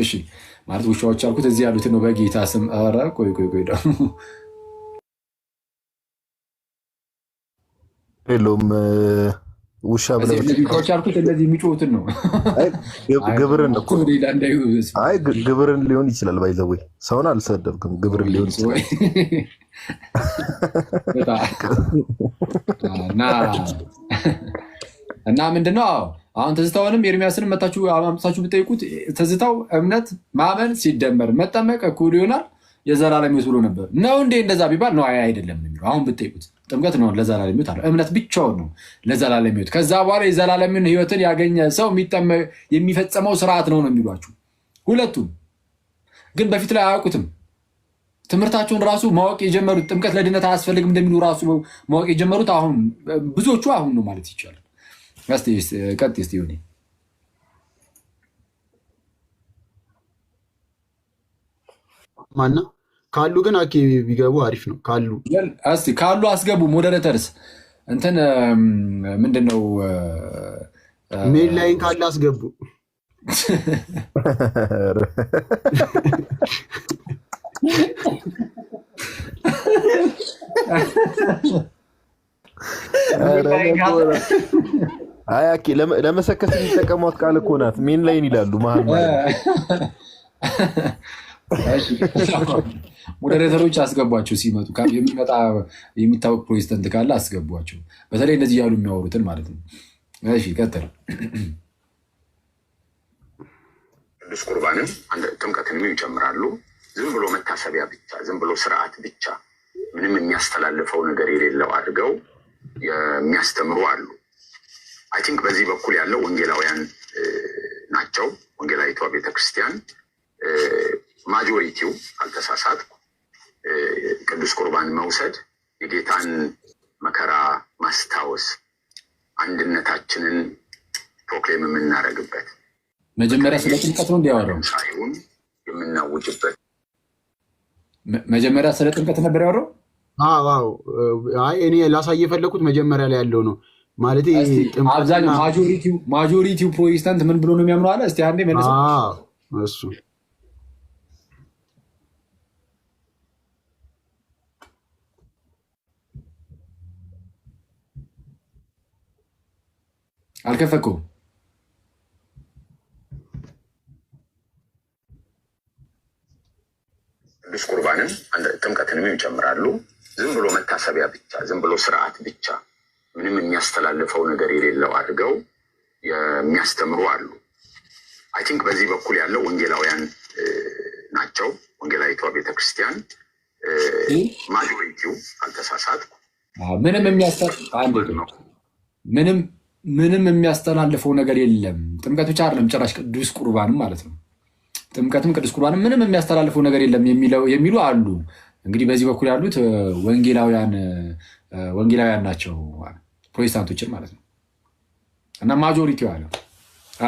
እሺ ማለት ውሻዎች አልኩት እዚህ ያሉት ነው። በጌታ ስም አራ ቆይ ቆይ ቆይ ደግሞ ሄሎም ውሻ ብለውሻ አልኩት እንደዚህ የሚጮሁትን ነው ግብርን አይ ግብርን ሊሆን ይችላል። ባይዘወ ሰውን አልሰደብክም። ግብርን ሊሆን ይችላል እና ምንድን ነው አሁን ትዝታውንም ኤርሚያስንም መታችሁ አምጥታችሁ ብጠይቁት ትዝታው እምነት ማመን ሲደመር መጠመቅ እኩል ይሆናል የዘላለም ሕይወት ብሎ ነበር። ነው እንዴ? እንደዛ ቢባል ነው አይደለም የሚለው። አሁን ብጠይቁት ጥምቀት ነው ለዘላለም ሕይወት አለ። እምነት ብቻውን ነው ለዘላለም ሕይወት። ከዛ በኋላ የዘላለምን ህይወትን ያገኘ ሰው የሚፈጸመው ስርዓት ነው ነው የሚሏችሁ። ሁለቱም ግን በፊት ላይ አያውቁትም። ትምህርታቸውን ራሱ ማወቅ የጀመሩት ጥምቀት ለድነት አያስፈልግም እንደሚሉ ራሱ ማወቅ የጀመሩት አሁን ብዙዎቹ አሁን ነው ማለት ይቻላል። ቀጥ ስ ሆኔ ማና ካሉ ግን አኪ ቢገቡ አሪፍ ነው። ካሉ ካሉ አስገቡ። ሞዴሬተርስ እንትን ምንድን ነው ሜል ላይን ካለ አስገቡ። አያኪ ለመሰከስ የሚጠቀሟት ቃል እኮ ናት። ሜን ላይን ይላሉ መሀል ሞዴሬተሮች አስገቧቸው። ሲመጡ የሚመጣ የሚታወቅ ፕሮቴስታንት ካለ አስገቧቸው። በተለይ እንደዚህ እያሉ የሚያወሩትን ማለት ነው። እሺ ቀጥል። ቅዱስ ቁርባንም ጥምቀትንም ይጨምራሉ። ዝም ብሎ መታሰቢያ ብቻ፣ ዝም ብሎ ስርዓት ብቻ፣ ምንም የሚያስተላልፈው ነገር የሌለው አድርገው የሚያስተምሩ አሉ። አይ ቲንክ በዚህ በኩል ያለው ወንጌላውያን ናቸው። ወንጌላዊቷ ቤተክርስቲያን ማጆሪቲው አልተሳሳትኩ ቅዱስ ቁርባን መውሰድ የጌታን መከራ ማስታወስ አንድነታችንን ፕሮክሌም የምናደርግበት መጀመሪያ ስለ ጥምቀት ነው እንዲያወራው ሳይሆን የምናውጅበት መጀመሪያ ስለ ጥምቀት ነበር ያወራው። አዎ እኔ ላሳይ የፈለኩት መጀመሪያ ላይ ያለው ነው። ማለት አብዛኛው ማጆሪቲው ፕሮቴስታንት ምን ብሎ ነው የሚያምነው? አለ እስቲ አንዴ መለስ እሱ አልከፈኩም ቅዱስ ቁርባንም ጥምቀትንም ይጨምራሉ። ዝም ብሎ መታሰቢያ ብቻ ዝም ብሎ ስርዓት የሚያስተላልፈው ነገር የሌለው አድርገው የሚያስተምሩ አሉ። አይ ቲንክ በዚህ በኩል ያለው ወንጌላውያን ናቸው። ወንጌላዊቷ ቤተክርስቲያን ማጆሪቲው አልተሳሳትኩ ምንም ምንም ምንም የሚያስተላልፈው ነገር የለም። ጥምቀት ብቻ አይደለም ጭራሽ ቅዱስ ቁርባንም ማለት ነው። ጥምቀትም ቅዱስ ቁርባንም ምንም የሚያስተላልፈው ነገር የለም የሚሉ አሉ። እንግዲህ በዚህ በኩል ያሉት ወንጌላውያን ወንጌላውያን ናቸው። ፕሮቴስታንቶችን ማለት ነው። እና ማጆሪቲው አለ።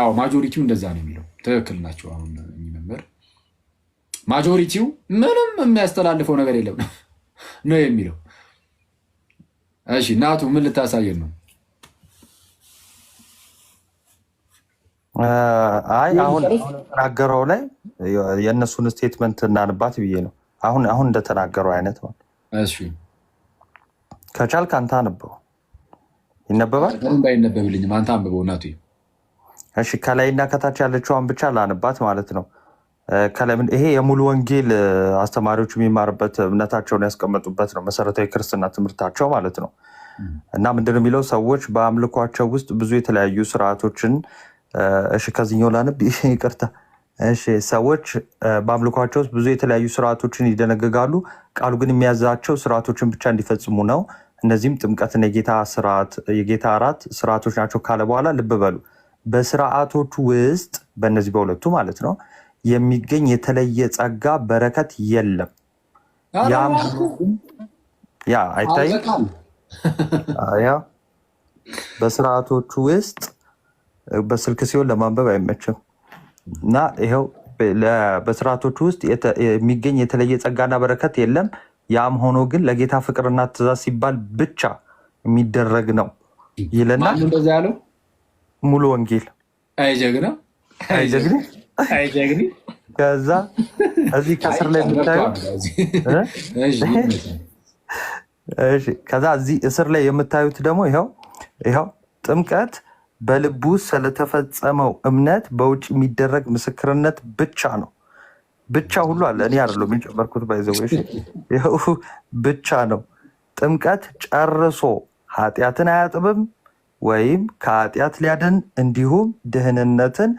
አዎ ማጆሪቲው እንደዛ ነው የሚለው ትክክል ናቸው። አሁን የሚመምር ማጆሪቲው ምንም የሚያስተላልፈው ነገር የለም ነው የሚለው። እሺ እናቱ ምን ልታሳየን ነው? አይ አሁን ተናገረው ላይ የእነሱን ስቴትመንት እናንባት ብዬ ነው። አሁን አሁን እንደተናገረው አይነት ነው። ከቻልክ አንተ አንበው ይነበባል ባይነበብልኝም አንተ አንብበው እናቱ። እሺ ከላይና ከታች ያለችዋን ብቻ ላንባት ማለት ነው። ከለምን ይሄ የሙሉ ወንጌል አስተማሪዎች የሚማርበት እምነታቸውን ያስቀመጡበት ነው፣ መሰረታዊ ክርስትና ትምህርታቸው ማለት ነው። እና ምንድን ነው የሚለው ሰዎች በአምልኳቸው ውስጥ ብዙ የተለያዩ ስርዓቶችን እሺ፣ ከዚህኛው ላንብ ይቅርታ። እሺ ሰዎች በአምልኳቸው ውስጥ ብዙ የተለያዩ ስርዓቶችን ይደነግጋሉ። ቃሉ ግን የሚያዛቸው ስርዓቶችን ብቻ እንዲፈጽሙ ነው። እነዚህም ጥምቀትና የጌታ ስርዓት የጌታ አራት ስርዓቶች ናቸው ካለ በኋላ ልብ በሉ በስርዓቶቹ ውስጥ በእነዚህ በሁለቱ ማለት ነው የሚገኝ የተለየ ጸጋ በረከት የለም። ያ አይታይም። በስርዓቶቹ ውስጥ በስልክ ሲሆን ለማንበብ አይመችም እና ይኸው በስርዓቶቹ ውስጥ የሚገኝ የተለየ ጸጋና በረከት የለም። ያም ሆኖ ግን ለጌታ ፍቅርና ትእዛዝ ሲባል ብቻ የሚደረግ ነው ይልና ሙሉ ወንጌል አይጀግና አይጀግኒ አይጀግኒ ከዛ እዚህ ከስር ላይ የምታዩት ከዛ እዚህ እስር ላይ የምታዩት ደግሞ ይኸው ይኸው ጥምቀት በልቡ ስለተፈጸመው እምነት በውጭ የሚደረግ ምስክርነት ብቻ ነው። ብቻ ሁሉ አለ። እኔ አይደለሁም የሚጨመርኩት ባይዘዎች ብቻ ነው። ጥምቀት ጨርሶ ኃጢአትን አያጥብም ወይም ከኃጢአት ሊያድን እንዲሁም ድህንነትን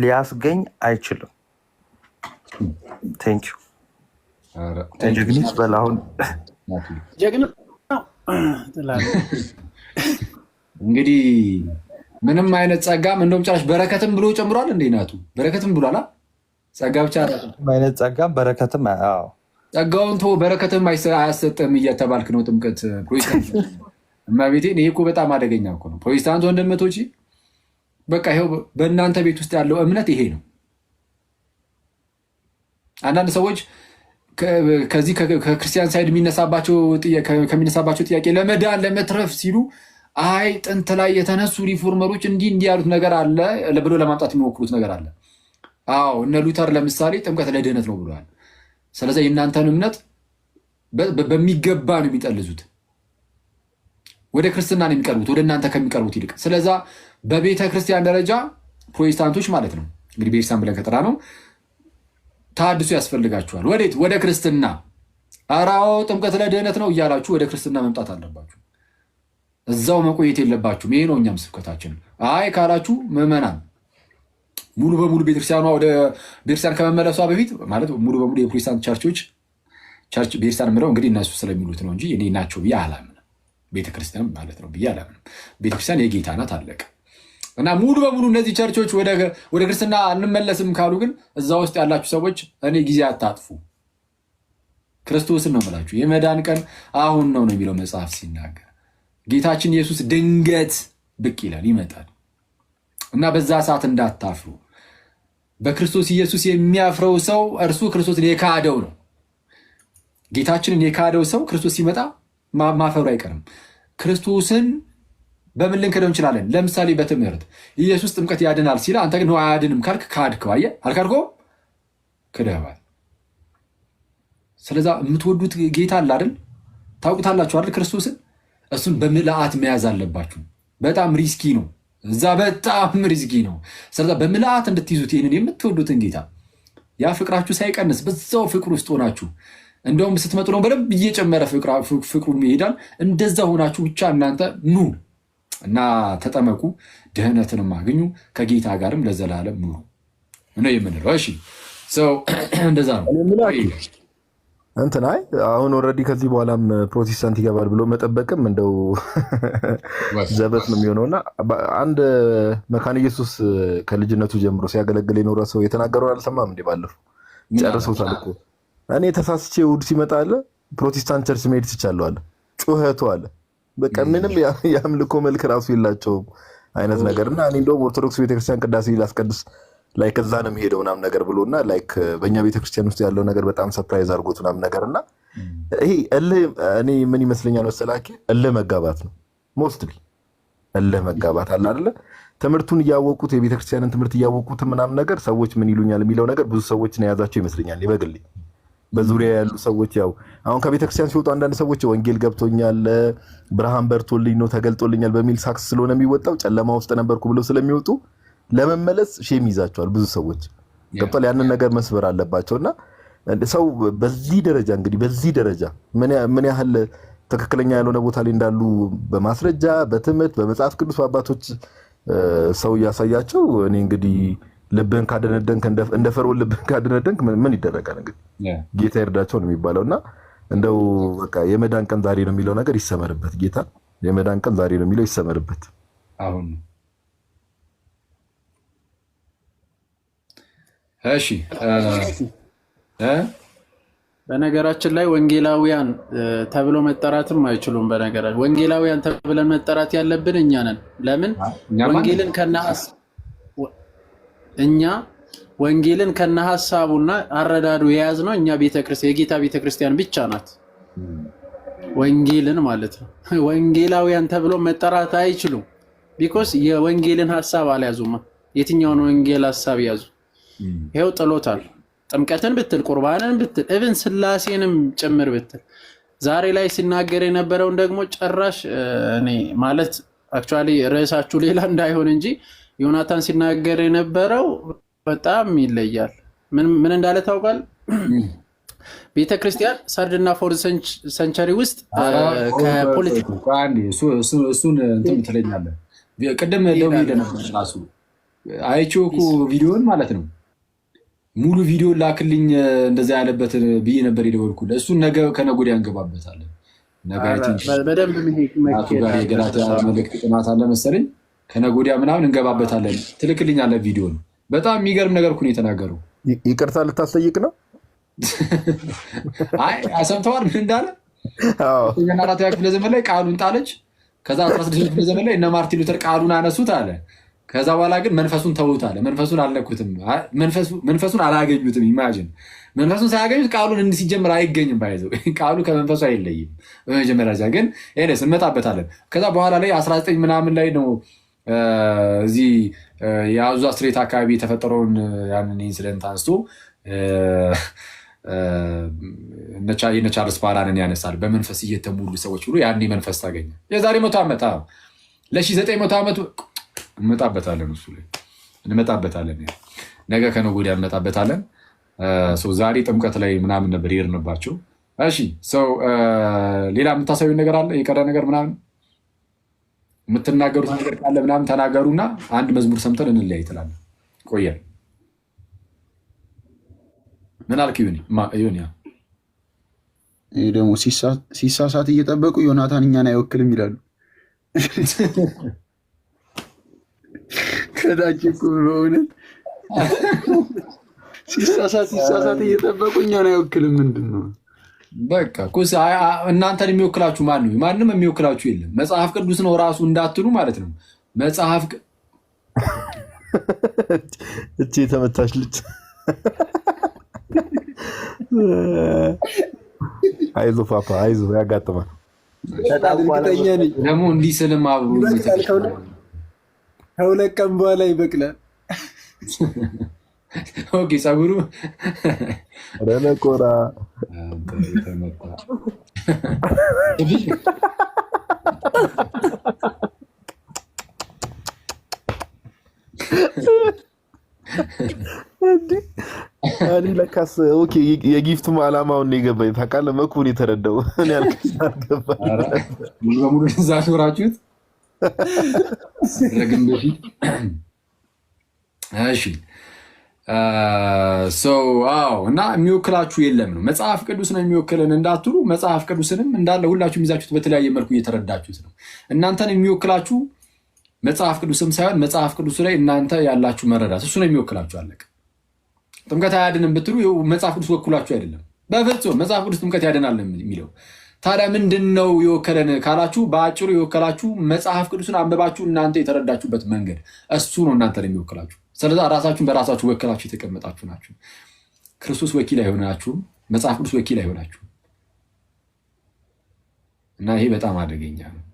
ሊያስገኝ አይችልም። ቴንክ ዩ ጀግኒት በላሁን እንግዲህ ምንም አይነት ጸጋም እንደውም ጭራሽ በረከትም ብሎ ጨምሯል። እንዴ ናቱ በረከትም ብሏል። ጸጋ ብቻ አይነት ጸጋም በረከትም ጸጋውን ቶ በረከትም አያሰጥም እያተባልክ ነው። ጥምቀት ፕሮቴስታንት እመቤቴን፣ ይሄ እኮ በጣም አደገኛ እኮ ነው። ፕሮቴስታንት ወንድመቶች፣ በቃ ይኸው በእናንተ ቤት ውስጥ ያለው እምነት ይሄ ነው። አንዳንድ ሰዎች ከዚህ ከክርስቲያን ሳይድ ከሚነሳባቸው ጥያቄ ለመዳን ለመትረፍ ሲሉ አይ ጥንት ላይ የተነሱ ሪፎርመሮች እንዲህ እንዲህ ያሉት ነገር አለ ብሎ ለማምጣት የሚሞክሩት ነገር አለ። አዎ እነ ሉተር ለምሳሌ ጥምቀት ለድህነት ነው ብለዋል። ስለዚህ የእናንተን እምነት በሚገባ ነው የሚጠልዙት፣ ወደ ክርስትና ነው የሚቀርቡት፣ ወደ እናንተ ከሚቀርቡት ይልቅ። ስለዛ በቤተ ክርስቲያን ደረጃ ፕሮቴስታንቶች ማለት ነው እንግዲህ ቤተክርስቲያን ብለን ከጠራ ነው ታድሱ ያስፈልጋችኋል። ወዴት? ወደ ክርስትና። አራዎ ጥምቀት ለድህነት ነው እያላችሁ ወደ ክርስትና መምጣት አለባችሁ። እዛው መቆየት የለባችሁም። ይሄ ነው እኛም ስብከታችን። አይ ካላችሁ ምዕመናን ሙሉ በሙሉ ቤተክርስቲያኗ ወደ ቤተክርስቲያን ከመመለሷ በፊት ማለት ሙሉ በሙሉ የፕሮቴስታንት ቸርቾች ቸርች ቤተክርስቲያን የምለው እንግዲህ እነሱ ስለሚሉት ነው እንጂ እኔ ናቸው ብዬ አላምንም። ቤተክርስቲያን ማለት ነው ብዬ አላምንም። ቤተክርስቲያን የጌታ ናት፣ አለቀ እና ሙሉ በሙሉ እነዚህ ቸርቾች ወደ ክርስትና አንመለስም ካሉ ግን እዛ ውስጥ ያላችሁ ሰዎች እኔ ጊዜ አታጥፉ፣ ክርስቶስን ነው የምላችሁ። የመዳን ቀን አሁን ነው ነው የሚለው መጽሐፍ ሲናገር ጌታችን ኢየሱስ ድንገት ብቅ ይላል፣ ይመጣል እና በዛ ሰዓት እንዳታፍሩ። በክርስቶስ ኢየሱስ የሚያፍረው ሰው እርሱ ክርስቶስን የካደው ነው። ጌታችንን የካደው ሰው ክርስቶስ ሲመጣ ማፈሩ አይቀርም። ክርስቶስን በምን ልንክደው እንችላለን? ለምሳሌ በትምህርት ኢየሱስ ጥምቀት ያድናል ሲል አንተ ግን አያድንም ካልክ ካድከው። አየህ፣ አልካድከውም፣ ክደኸዋል። ስለዛ የምትወዱት ጌታ አለ አይደል? ታውቁታላችሁ አይደል? ክርስቶስን እሱን በምልአት መያዝ አለባችሁ። በጣም ሪስኪ ነው። እዛ በጣም ሪዝጊ ነው። ስለዛ በምልአት እንድትይዙት ይህንን የምትወዱትን ጌታ ያ ፍቅራችሁ ሳይቀንስ በዛው ፍቅር ውስጥ ሆናችሁ እንደውም ስትመጡ ነው በደንብ እየጨመረ ፍቅሩ ይሄዳል። እንደዛ ሆናችሁ ብቻ እናንተ ኑ እና ተጠመቁ፣ ድህነትንም ማግኙ ከጌታ ጋርም ለዘላለም ኑ ነው የምንለው። እሺ ሰው እንደዛ ነው። እንትን አይ አሁን ኦልሬዲ ከዚህ በኋላም ፕሮቴስታንት ይገባል ብሎ መጠበቅም እንደው ዘበት ነው የሚሆነው እና አንድ መካን ኢየሱስ ከልጅነቱ ጀምሮ ሲያገለግል የኖረ ሰው የተናገረውን አልሰማም እንዴ? ባለፈው ጨርሰውታል እኮ እኔ ተሳስቼ እሑድ ሲመጣ አለ ፕሮቴስታንት ቸርች መሄድ ትቻለሁ አለ። ጩኸቱ አለ በቃ ምንም የአምልኮ መልክ ራሱ የላቸውም አይነት ነገር እና እኔ እንደውም ኦርቶዶክስ ቤተክርስቲያን ቅዳሴ ላስቀድስ ላይክ እዛ ነው የሚሄደው ምናምን ነገር ብሎ እና ላይክ በእኛ ቤተክርስቲያን ውስጥ ያለው ነገር በጣም ሰፕራይዝ አድርጎት ምናምን ነገር እና ይሄ እልህ እኔ ምን ይመስለኛል መሰላኬ እልህ መጋባት ነው። ሞስትሊ እልህ መጋባት አለ አይደለ? ትምህርቱን እያወቁት የቤተክርስቲያንን ትምህርት እያወቁት ምናምን ነገር ሰዎች ምን ይሉኛል የሚለው ነገር ብዙ ሰዎች ነው የያዛቸው ይመስለኛል። ይበግልኝ በዙሪያ ያሉ ሰዎች ያው አሁን ከቤተክርስቲያን ሲወጡ አንዳንድ ሰዎች ወንጌል ገብቶኛል፣ ብርሃን በርቶልኝ ነው ተገልጦልኛል በሚል ሳክስ ስለሆነ የሚወጣው ጨለማ ውስጥ ነበርኩ ብለው ስለሚወጡ ለመመለስ ሼም ይዛቸዋል ብዙ ሰዎች ገብቷል። ያንን ነገር መስበር አለባቸውና ሰው በዚህ ደረጃ እንግዲህ በዚህ ደረጃ ምን ያህል ትክክለኛ ያልሆነ ቦታ ላይ እንዳሉ በማስረጃ በትምህርት በመጽሐፍ ቅዱስ በአባቶች ሰው እያሳያቸው እኔ እንግዲህ ልብህን ካደነደንክ እንደ ፈርዖን ልብህን ካደነደንክ ምን ይደረጋል? እንግዲህ ጌታ ይርዳቸው ነው የሚባለው እና እንደው በቃ የመዳን ቀን ዛሬ ነው የሚለው ነገር ይሰመርበት። ጌታ የመዳን ቀን ዛሬ ነው የሚለው ይሰመርበት አሁን እሺ በነገራችን ላይ ወንጌላውያን ተብሎ መጠራትም አይችሉም። በነገራችን ወንጌላውያን ተብለን መጠራት ያለብን እኛ ነን። ለምን ወንጌልን ከነ እኛ ወንጌልን ከነ ሀሳቡና አረዳዱ ነው እኛ ቤተክርስቲያን የጌታ ቤተክርስቲያን ብቻ ናት። ወንጌልን ማለት ነው። ወንጌላውያን ተብሎ መጠራት አይችሉም። ቢኮስ የወንጌልን ሀሳብ አልያዙማ። የትኛውን ወንጌል ሀሳብ ያዙ? ይኸው ጥሎታል። ጥምቀትን ብትል ቁርባንን ብትል እብን ስላሴንም ጭምር ብትል ዛሬ ላይ ሲናገር የነበረውን ደግሞ ጭራሽ እኔ ማለት አክቹዋሊ ርዕሳችሁ ሌላ እንዳይሆን እንጂ ዮናታን ሲናገር የነበረው በጣም ይለያል። ምን እንዳለ ታውቃል? ቤተ ክርስቲያን ሰርድና ፎር ሰንቸሪ ውስጥ ከፖለቲካ እንትን ቅድም ደውዬ ነበር ራሱ አይቼው እኮ ቪዲዮን ማለት ነው ሙሉ ቪዲዮ ላክልኝ እንደዛ ያለበት ብዬ ነበር የደወልኩልህ። እሱን ነገ ከነገ እንገባበታለን። ጋር የገላትያ ጥናት አለ መሰለኝ ከነገ ምናምን እንገባበታለን። አለ ቪዲዮ ነው። በጣም የሚገርም ነገር እኮ ነው የተናገረው። ይቅርታ ልታስጠይቅ ነው። አይ ምን እንዳለ አራተኛ ክፍለ ዘመን ላይ ቃሉን ጣለች። ከዛ አስራ ስድስተኛ ክፍለ ዘመን ላይ እነ ማርቲን ሉተር ቃሉን አነሱት አለ ከዛ በኋላ ግን መንፈሱን ተውት አለ። መንፈሱን አልነኩትም፣ መንፈሱን አላገኙትም። ኢማጅን መንፈሱን ሳያገኙት ቃሉን እንዲህ ሲጀምር አይገኝም። ባይዘው ቃሉ ከመንፈሱ አይለይም። በመጀመሪያ ግን ኤደስ እንመጣበታለን። ከዛ በኋላ ላይ 19 ምናምን ላይ ነው እዚህ የአዙ አስትሬት አካባቢ የተፈጠረውን ያንን ኢንስደንት አንስቶ የነ ቻርልስ ባራንን ያነሳል። በመንፈስ እየተሞሉ ሰዎች ብሎ ያኔ መንፈስ ታገኘ የዛሬ መቶ ዓመት ለሺህ ዘጠኝ መቶ ዓመት እንመጣበታለን እሱ ላይ እንመጣበታለን። ነገ ከነገ ወዲያ እንመጣበታለን። ዛሬ ጥምቀት ላይ ምናምን ነበር የሄድንባቸው። እሺ ሰው ሌላ የምታሳዩ ነገር አለ? የቀረ ነገር ምናምን የምትናገሩት ነገር ካለ ምናምን ተናገሩና አንድ መዝሙር ሰምተን እንለያይ ትላለን። ቆየ ምን አልክ? ይህ ደግሞ ሲሳሳት እየጠበቁ ዮናታን እኛን አይወክልም ይላሉ። ተዳጅ እኮ በእውነት ሲሳሳት ሲሳሳት እየጠበቁ እኛን አይወክልም። ምንድን ነው በቃ እናንተን የሚወክላችሁ ማን ነው? ማንም የሚወክላችሁ የለም። መጽሐፍ ቅዱስ ነው ራሱ እንዳትሉ ማለት ነው። መጽሐፍ እቺ የተመታች ልጅ አይዞ ፓፓ አይዞ፣ ያጋጥማል። በጣም ነኝ ደግሞ እንዲህ ስልም አብሮ ከሁለት ቀን በኋላ ይበቅላል። ኦኬ ጸጉሩ ረነቆራ እኔ ለካስ ኦኬ አላማውን የገባኝ ታውቃለህ። መኩን የተረዳው እኔ አልገባኝም። ሙሉ በሙሉ እዛ ኖራችሁት ረግም በፊት እሺ ሰው አዎ። እና የሚወክላችሁ የለም ነው መጽሐፍ ነው የሚወክልን እንዳትሉ፣ መጽሐፍ ቅዱስንም እንዳለ ሁላችሁም ይዛችሁት በተለያየ መልኩ እየተረዳችሁት ነው። እናንተን የሚወክላችሁ መጽሐፍ ቅዱስም ሳይሆን መጽሐፍ ቅዱስ ላይ እናንተ ያላችሁ መረዳት እሱ ነው የሚወክላችሁ። አለቀ። ጥምቀት አያድንም ብትሉ መጽሐፍ ቅዱስ ወክሏችሁ አይደለም። በፍጹም መጽሐፍ ቅዱስ ጥምቀት ያድናል የሚለው ታዲያ ምንድን ነው የወከለን ካላችሁ በአጭሩ የወከላችሁ መጽሐፍ ቅዱስን አንብባችሁ እናንተ የተረዳችሁበት መንገድ እሱ ነው እናንተ የሚወክላችሁ። ስለዚ ራሳችሁን በራሳችሁ ወክላችሁ የተቀመጣችሁ ናችሁ። ክርስቶስ ወኪል አይሆናችሁም። መጽሐፍ ቅዱስ ወኪል አይሆናችሁም እና ይሄ በጣም አደገኛ ነው።